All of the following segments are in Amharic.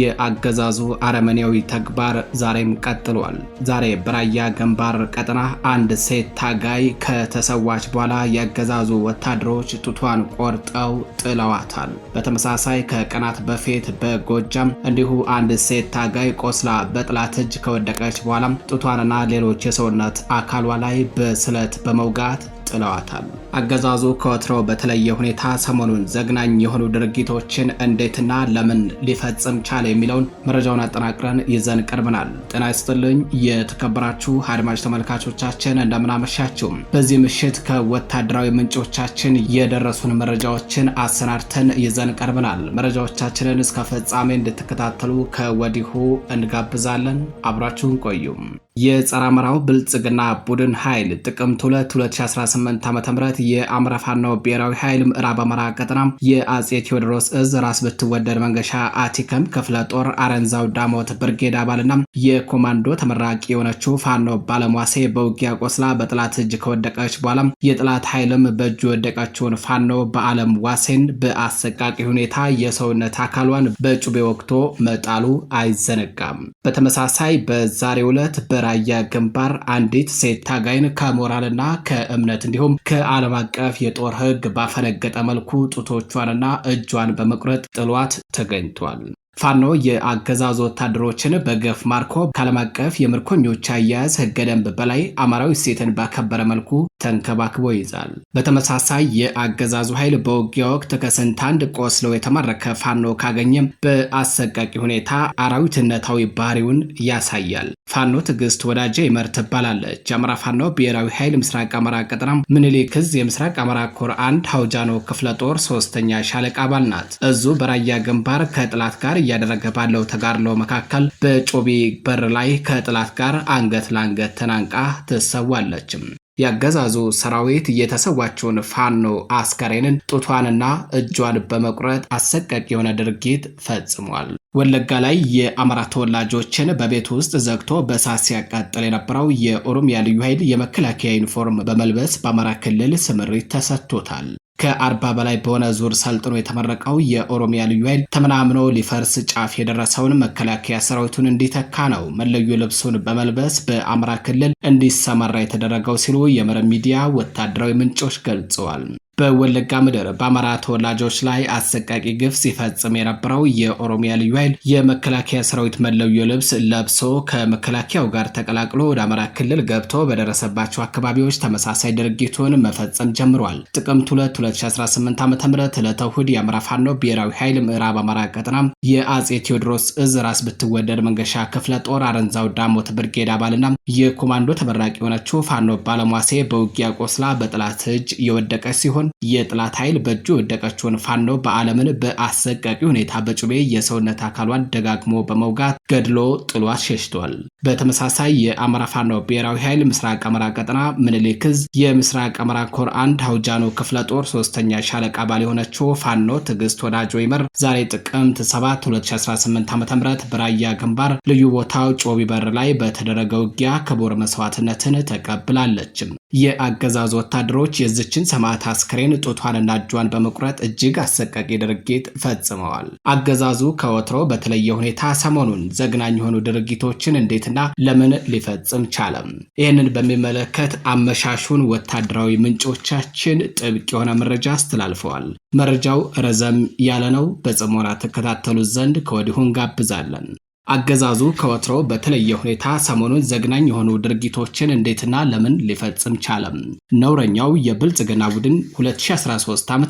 የአገዛዙ አረመኔያዊ ተግባር ዛሬም ቀጥሏል። ዛሬ በራያ ግንባር ቀጠና አንድ ሴት ታጋይ ከተሰዋች በኋላ የአገዛዙ ወታደሮች ጡቷን ቆርጠው ጥለዋታል። በተመሳሳይ ከቀናት በፊት በጎጃም እንዲሁ አንድ ሴት ታጋይ ቆስላ በጥላት እጅ ከወደቀች በኋላም ጡቷንና ሌሎች የሰውነት አካሏ ላይ በስለት በመውጋት ጥለዋታል። አገዛዙ ከወትሮ በተለየ ሁኔታ ሰሞኑን ዘግናኝ የሆኑ ድርጊቶችን እንዴትና ለምን ሊፈጽም ቻለ የሚለውን መረጃውን አጠናቅረን ይዘን ቀርበናል። ጤና ይስጥልኝ የተከበራችሁ አድማጭ ተመልካቾቻችን እንደምናመሻችሁ። በዚህ ምሽት ከወታደራዊ ምንጮቻችን የደረሱን መረጃዎችን አሰናድተን ይዘን ቀርበናል። መረጃዎቻችንን እስከ ፍጻሜ እንድትከታተሉ ከወዲሁ እንጋብዛለን። አብራችሁን ቆዩም። የጸረ አማራው ብልጽግና ቡድን ኃይል ጥቅምት 2 2018 ዓ.ም የአማራ ፋኖ ብሔራዊ ኃይል ምዕራብ አማራ ቀጠና የአጼ ቴዎድሮስ እዝ ራስ ብትወደድ መንገሻ አቲከም ክፍለ ጦር አረንዛው ዳሞት ብርጌድ አባልና የኮማንዶ ተመራቂ የሆነችው ፋኖ ባለሟሴ በውጊያ ቆስላ በጠላት እጅ ከወደቀች በኋላ የጠላት ኃይልም በእጁ የወደቀችውን ፋኖ በአለም ዋሴን በአሰቃቂ ሁኔታ የሰውነት አካሏን በጩቤ ወቅቶ መጣሉ አይዘነጋም። በተመሳሳይ በዛሬው ዕለት በራያ ግንባር አንዲት ሴት ታጋይን ከሞራልና ከእምነት እንዲሁም ከዓለም ዓለም አቀፍ የጦር ሕግ ባፈነገጠ መልኩ ጡቶቿንና እጇን በመቁረጥ ጥሏት ተገኝቷል። ፋኖ የአገዛዙ ወታደሮችን በገፍ ማርኮ ከዓለም አቀፍ የምርኮኞች አያያዝ ህገ ደንብ በላይ አማራዊ እሴትን ባከበረ መልኩ ተንከባክቦ ይዛል። በተመሳሳይ የአገዛዙ ኃይል በውጊያ ወቅት ከስንት አንድ ቆስሎ የተማረከ ፋኖ ካገኘም በአሰቃቂ ሁኔታ አራዊትነታዊ ባህሪውን ያሳያል። ፋኖ ትዕግስት ወዳጀ ይመር ትባላለች። የአማራ ፋኖ ብሔራዊ ኃይል ምስራቅ አማራ ቀጠና ምኒልክ ዕዝ የምስራቅ አማራ ኮር አንድ ሀውጃኖ ክፍለ ጦር ሶስተኛ ሻለቃ አባል ናት። እዙ በራያ ግንባር ከጥላት ጋር እያደረገ ባለው ተጋድሎ መካከል በጮቢ በር ላይ ከጥላት ጋር አንገት ለአንገት ተናንቃ ትሰዋለችም። ያገዛዙ ሰራዊት የተሰዋቸውን ፋኖ አስከሬንን ጡቷንና እጇን በመቁረጥ አሰቃቂ የሆነ ድርጊት ፈጽሟል። ወለጋ ላይ የአማራ ተወላጆችን በቤት ውስጥ ዘግቶ በእሳት ሲያቃጥል የነበረው የኦሮሚያ ልዩ ኃይል የመከላከያ ዩኒፎርም በመልበስ በአማራ ክልል ስምሪት ተሰጥቶታል። ከአርባ በላይ በሆነ ዙር ሰልጥኖ የተመረቀው የኦሮሚያ ልዩ ኃይል ተመናምኖ ሊፈርስ ጫፍ የደረሰውን መከላከያ ሰራዊቱን እንዲተካ ነው መለዮ ልብሱን በመልበስ በአማራ ክልል እንዲሰማራ የተደረገው ሲሉ የመረብ ሚዲያ ወታደራዊ ምንጮች ገልጸዋል። በወለጋ ምድር በአማራ ተወላጆች ላይ አሰቃቂ ግፍ ሲፈጽም የነበረው የኦሮሚያ ልዩ ኃይል የመከላከያ ሰራዊት መለዮ ልብስ ለብሶ ከመከላከያው ጋር ተቀላቅሎ ወደ አማራ ክልል ገብቶ በደረሰባቸው አካባቢዎች ተመሳሳይ ድርጊቱን መፈጸም ጀምሯል። ጥቅምት 2 2018 ዓ ም ዕለተ እሑድ የአማራ ፋኖ ብሔራዊ ኃይል ምዕራብ አማራ ቀጠና የአጼ ቴዎድሮስ እዝ ራስ ብትወደድ መንገሻ ክፍለ ጦር አረንዛው ዳሞት ብርጌድ አባልና የኮማንዶ ተመራቂ የሆነችው ፋኖ ባለሟሴ በውጊያ ቆስላ በጠላት እጅ የወደቀ ሲሆን ሲሆን የጥላት ኃይል በእጁ የወደቀችውን ፋኖ በዓለምን በአሰቃቂ ሁኔታ በጩቤ የሰውነት አካሏን ደጋግሞ በመውጋት ገድሎ ጥሏት ሸሽቷል። በተመሳሳይ የአማራ ፋኖ ብሔራዊ ኃይል ምስራቅ አማራ ቀጠና ምንሊክዝ። ዕዝ የምስራቅ አማራ ኮር አንድ ሀውጃኖ ክፍለ ጦር ሶስተኛ ሻለቃ አባል የሆነችው ፋኖ ትዕግስት ወዳጆ ይመር ዛሬ ጥቅምት 7 2018 ዓ ም በራያ ግንባር ልዩ ቦታው ጮቢ በር ላይ በተደረገ ውጊያ ክቡር መስዋዕትነትን ተቀብላለችም። የአገዛዝ ወታደሮች የዝችን ሰማዕት አስክሬን ጡቷንና እጇን በመቁረጥ እጅግ አሰቃቂ ድርጊት ፈጽመዋል። አገዛዙ ከወትሮ በተለየ ሁኔታ ሰሞኑን ዘግናኝ የሆኑ ድርጊቶችን እንዴትና ለምን ሊፈጽም ቻለም? ይህንን በሚመለከት አመሻሹን ወታደራዊ ምንጮቻችን ጥብቅ የሆነ መረጃ አስተላልፈዋል። መረጃው ረዘም ያለ ነው። በጽሞና ተከታተሉት ዘንድ ከወዲሁ እንጋብዛለን። አገዛዙ ከወትሮ በተለየ ሁኔታ ሰሞኑን ዘግናኝ የሆኑ ድርጊቶችን እንዴትና ለምን ሊፈጽም ቻለም? ነውረኛው የብልጽግና ቡድን 2013 ዓ ም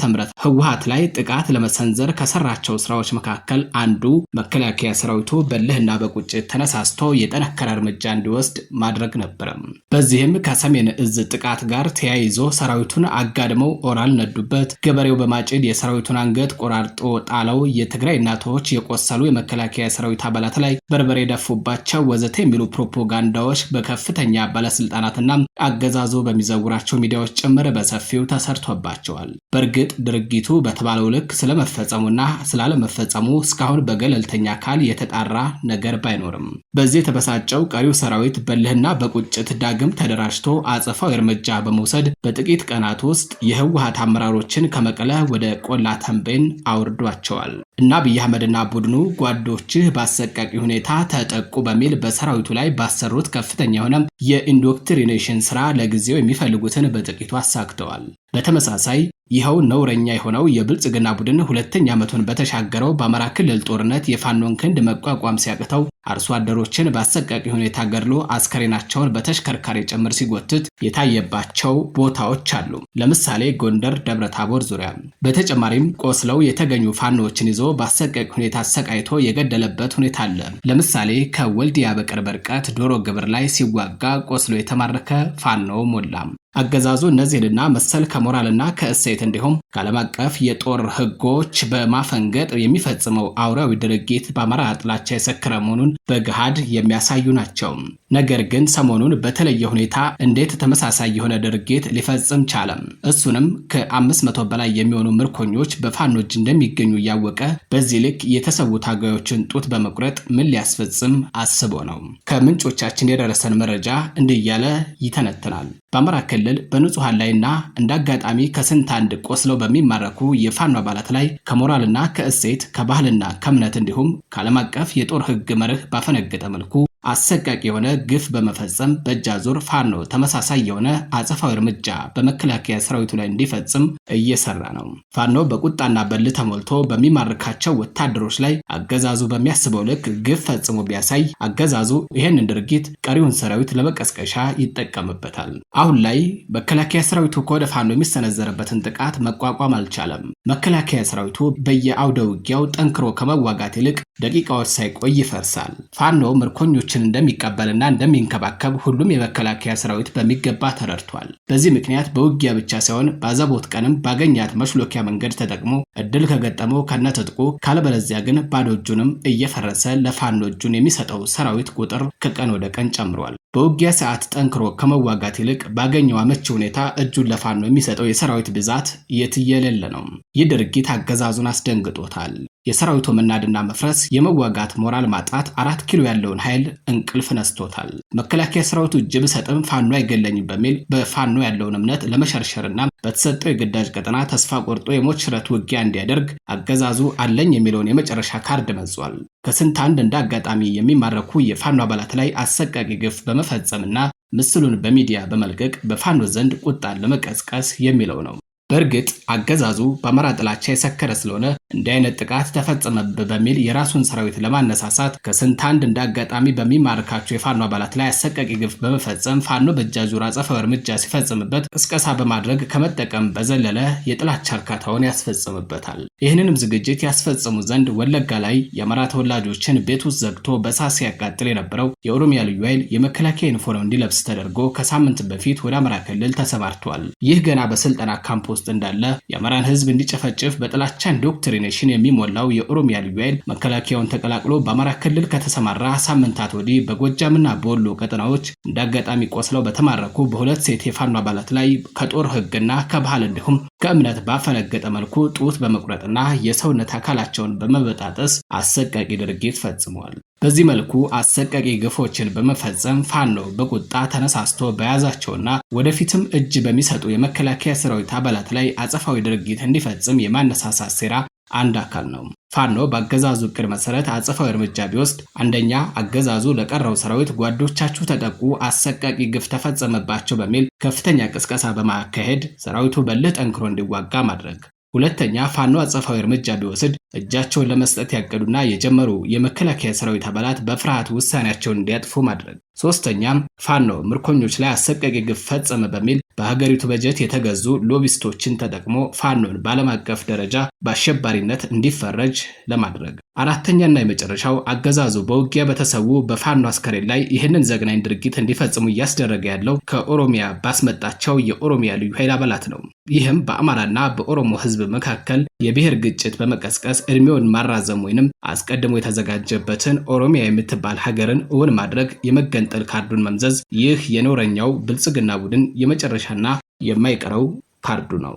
ህወሀት ላይ ጥቃት ለመሰንዘር ከሰራቸው ስራዎች መካከል አንዱ መከላከያ ሰራዊቱ በልህና በቁጭት ተነሳስቶ የጠነከረ እርምጃ እንዲወስድ ማድረግ ነበረም። በዚህም ከሰሜን እዝ ጥቃት ጋር ተያይዞ ሰራዊቱን አጋድመው ኦራል ነዱበት፣ ገበሬው በማጭድ የሰራዊቱን አንገት ቆራርጦ ጣለው፣ የትግራይ እናቶች የቆሰሉ የመከላከያ ሰራዊት አባላት ላይ በርበሬ ደፉባቸው ወዘተ የሚሉ ፕሮፓጋንዳዎች በከፍተኛ ባለስልጣናትና አገዛዞ በሚዘውራቸው ሚዲያዎች ጭምር በሰፊው ተሰርቶባቸዋል። በእርግጥ ድርጊቱ በተባለው ልክ ስለመፈጸሙና ስላለመፈጸሙ እስካሁን በገለልተኛ አካል የተጣራ ነገር ባይኖርም በዚህ የተበሳጨው ቀሪው ሰራዊት በልህና በቁጭት ዳግም ተደራጅቶ አጸፋዊ እርምጃ በመውሰድ በጥቂት ቀናት ውስጥ የህወሀት አመራሮችን ከመቀለ ወደ ቆላ ተንቤን አውርዷቸዋል። እና አብይ አህመድና ቡድኑ ጓዶችህ በአሰቃቂ ሁኔታ ተጠቁ በሚል በሰራዊቱ ላይ ባሰሩት ከፍተኛ የሆነ የኢንዶክትሪኔሽን ስራ ለጊዜው የሚፈልጉትን በጥቂቱ አሳክተዋል። በተመሳሳይ ይኸው ነውረኛ የሆነው የብልጽግና ቡድን ሁለተኛ ዓመቱን በተሻገረው በአማራ ክልል ጦርነት የፋኖን ክንድ መቋቋም ሲያቅተው አርሶ አደሮችን በአሰቃቂ ሁኔታ ገድሎ አስከሬናቸውን በተሽከርካሪ ጭምር ሲጎትት የታየባቸው ቦታዎች አሉ። ለምሳሌ ጎንደር ደብረ ታቦር ዙሪያ። በተጨማሪም ቆስለው የተገኙ ፋኖዎችን ይዞ በአሰቃቂ ሁኔታ አሰቃይቶ የገደለበት ሁኔታ አለ። ለምሳሌ ከወልዲያ በቅርብ ርቀት ዶሮ ግብር ላይ ሲዋጋ ቆስሎ የተማረከ ፋኖ ሞላም። አገዛዙ እነዚህንና መሰል ከሞራልና ከእሴት እንዲሁም ከዓለም አቀፍ የጦር ህጎች በማፈንገጥ የሚፈጽመው አውሬያዊ ድርጊት በአማራ ጥላቻ የሰከረ መሆኑን በገሃድ የሚያሳዩ ናቸው። ነገር ግን ሰሞኑን በተለየ ሁኔታ እንዴት ተመሳሳይ የሆነ ድርጊት ሊፈጽም ቻለም? እሱንም ከ500 በላይ የሚሆኑ ምርኮኞች በፋኖ እጅ እንደሚገኙ እያወቀ በዚህ ልክ የተሰዉ ታጋዮችን ጡት በመቁረጥ ምን ሊያስፈጽም አስቦ ነው? ከምንጮቻችን የደረሰን መረጃ እንዲህ እያለ ይተነትናል። በአማራ ክልል በንጹሐን ላይና እንደ አጋጣሚ ከስንት አንድ ቆስለው በሚማረኩ የፋኖ አባላት ላይ ከሞራልና ከእሴት ከባህልና ከእምነት እንዲሁም ከዓለም አቀፍ የጦር ሕግ መርህ ባፈነገጠ መልኩ አሰቃቂ የሆነ ግፍ በመፈጸም በእጃ ዙር ፋኖ ተመሳሳይ የሆነ አጸፋዊ እርምጃ በመከላከያ ሰራዊቱ ላይ እንዲፈጽም እየሰራ ነው። ፋኖ በቁጣና በል ተሞልቶ በሚማርካቸው ወታደሮች ላይ አገዛዙ በሚያስበው ልክ ግፍ ፈጽሞ ቢያሳይ አገዛዙ ይህንን ድርጊት ቀሪውን ሰራዊት ለመቀስቀሻ ይጠቀምበታል። አሁን ላይ መከላከያ ሰራዊቱ ከወደ ፋኖ የሚሰነዘርበትን ጥቃት መቋቋም አልቻለም። መከላከያ ሰራዊቱ በየአውደ ውጊያው ጠንክሮ ከመዋጋት ይልቅ ደቂቃዎች ሳይቆይ ይፈርሳል። ፋኖ ምርኮኞች ዜጎችን እንደሚቀበልና እንደሚንከባከብ ሁሉም የመከላከያ ሰራዊት በሚገባ ተረድቷል። በዚህ ምክንያት በውጊያ ብቻ ሳይሆን በአዘቦት ቀንም ባገኛት መሽሎኪያ መንገድ ተጠቅሞ እድል ከገጠመው ከነትጥቁ ካለበለዚያ ግን ባዶ እጁንም እየፈረሰ ለፋኖ እጁን የሚሰጠው ሰራዊት ቁጥር ከቀን ወደ ቀን ጨምሯል። በውጊያ ሰዓት ጠንክሮ ከመዋጋት ይልቅ ባገኘው አመቺ ሁኔታ እጁን ለፋኖ የሚሰጠው የሰራዊት ብዛት የትየለለ ነው። ይህ ድርጊት አገዛዙን አስደንግጦታል። የሰራዊቱ መናድና መፍረስ፣ የመዋጋት ሞራል ማጣት አራት ኪሎ ያለውን ኃይል እንቅልፍ ነስቶታል። መከላከያ ሰራዊቱ እጅ ብሰጥም ፋኖ አይገለኝም በሚል በፋኖ ያለውን እምነት ለመሸርሸርና በተሰጠው የግዳጅ ቀጠና ተስፋ ቆርጦ የሞት ሽረት ውጊያ እንዲያደርግ አገዛዙ አለኝ የሚለውን የመጨረሻ ካርድ መዟል። ከስንት አንድ እንደ አጋጣሚ የሚማረኩ የፋኖ አባላት ላይ አሰቃቂ ግፍ በመፈጸምና ምስሉን በሚዲያ በመልቀቅ በፋኖ ዘንድ ቁጣን ለመቀስቀስ የሚለው ነው። በእርግጥ አገዛዙ በአማራ ጥላቻ የሰከረ ስለሆነ እንዲህ አይነት ጥቃት ተፈጸመብህ በሚል የራሱን ሰራዊት ለማነሳሳት ከስንት አንድ እንደ አጋጣሚ በሚማርካቸው የፋኖ አባላት ላይ አሰቃቂ ግፍ በመፈጸም ፋኖ ዙር አጸፋዊ እርምጃ ሲፈጽምበት ቅስቀሳ በማድረግ ከመጠቀም በዘለለ የጥላቻ እርካታውን ያስፈጽምበታል። ይህንንም ዝግጅት ያስፈጽሙ ዘንድ ወለጋ ላይ የአማራ ተወላጆችን ቤት ውስጥ ዘግቶ በእሳት ሲያቃጥል የነበረው የኦሮሚያ ልዩ ኃይል የመከላከያ ዩኒፎርም እንዲለብስ ተደርጎ ከሳምንት በፊት ወደ አማራ ክልል ተሰማርቷል። ይህ ገና በስልጠና ካምፕ ውስጥ ውስጥ እንዳለ የአማራን ህዝብ እንዲጨፈጭፍ በጥላቻ ኢንዶክትሪኔሽን የሚሞላው የኦሮሚያ ልዩ ኃይል መከላከያውን ተቀላቅሎ በአማራ ክልል ከተሰማራ ሳምንታት ወዲህ በጎጃምና በወሎ ቀጠናዎች እንዳጋጣሚ ቆስለው በተማረኩ በሁለት ሴት የፋኖ አባላት ላይ ከጦር ህግና ከባህል እንዲሁም ከእምነት ባፈነገጠ መልኩ ጡት በመቁረጥና የሰውነት አካላቸውን በመበጣጠስ አሰቃቂ ድርጊት ፈጽመዋል። በዚህ መልኩ አሰቃቂ ግፎችን በመፈጸም ፋኖ በቁጣ ተነሳስቶ በያዛቸውና ወደፊትም እጅ በሚሰጡ የመከላከያ ሰራዊት አባላት ላይ አጸፋዊ ድርጊት እንዲፈጽም የማነሳሳት ሴራ አንድ አካል ነው። ፋኖ በአገዛዙ እቅድ መሰረት አጸፋዊ እርምጃ ቢወስድ፣ አንደኛ አገዛዙ ለቀረው ሰራዊት ጓዶቻችሁ ተጠቁ፣ አሰቃቂ ግፍ ተፈጸመባቸው በሚል ከፍተኛ ቅስቀሳ በማካሄድ ሰራዊቱ በልህ ጠንክሮ እንዲዋጋ ማድረግ ሁለተኛ ፋኖ አጸፋዊ እርምጃ ቢወስድ እጃቸውን ለመስጠት ያቀዱና የጀመሩ የመከላከያ ሰራዊት አባላት በፍርሃት ውሳኔያቸውን እንዲያጥፉ ማድረግ ሶስተኛ ፋኖ ምርኮኞች ላይ አሰቃቂ ግፍ ፈጸመ በሚል በሀገሪቱ በጀት የተገዙ ሎቢስቶችን ተጠቅሞ ፋኖን በዓለም አቀፍ ደረጃ በአሸባሪነት እንዲፈረጅ ለማድረግ። አራተኛና የመጨረሻው አገዛዙ በውጊያ በተሰዉ በፋኖ አስከሬን ላይ ይህንን ዘግናኝ ድርጊት እንዲፈጽሙ እያስደረገ ያለው ከኦሮሚያ ባስመጣቸው የኦሮሚያ ልዩ ኃይል አባላት ነው። ይህም በአማራና በኦሮሞ ሕዝብ መካከል የብሔር ግጭት በመቀስቀስ እድሜውን ማራዘም ወይንም አስቀድሞ የተዘጋጀበትን ኦሮሚያ የምትባል ሀገርን እውን ማድረግ የመገ የመገንጠል ካርዱን መምዘዝ ይህ የኖረኛው ብልጽግና ቡድን የመጨረሻና የማይቀረው ካርዱ ነው።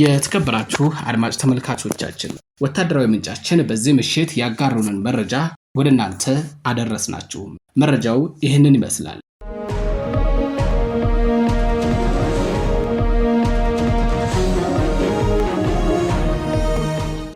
የተከበራችሁ አድማጭ ተመልካቾቻችን ወታደራዊ ምንጫችን በዚህ ምሽት ያጋሩንን መረጃ ወደ እናንተ አደረስናችሁ። መረጃው ይህንን ይመስላል።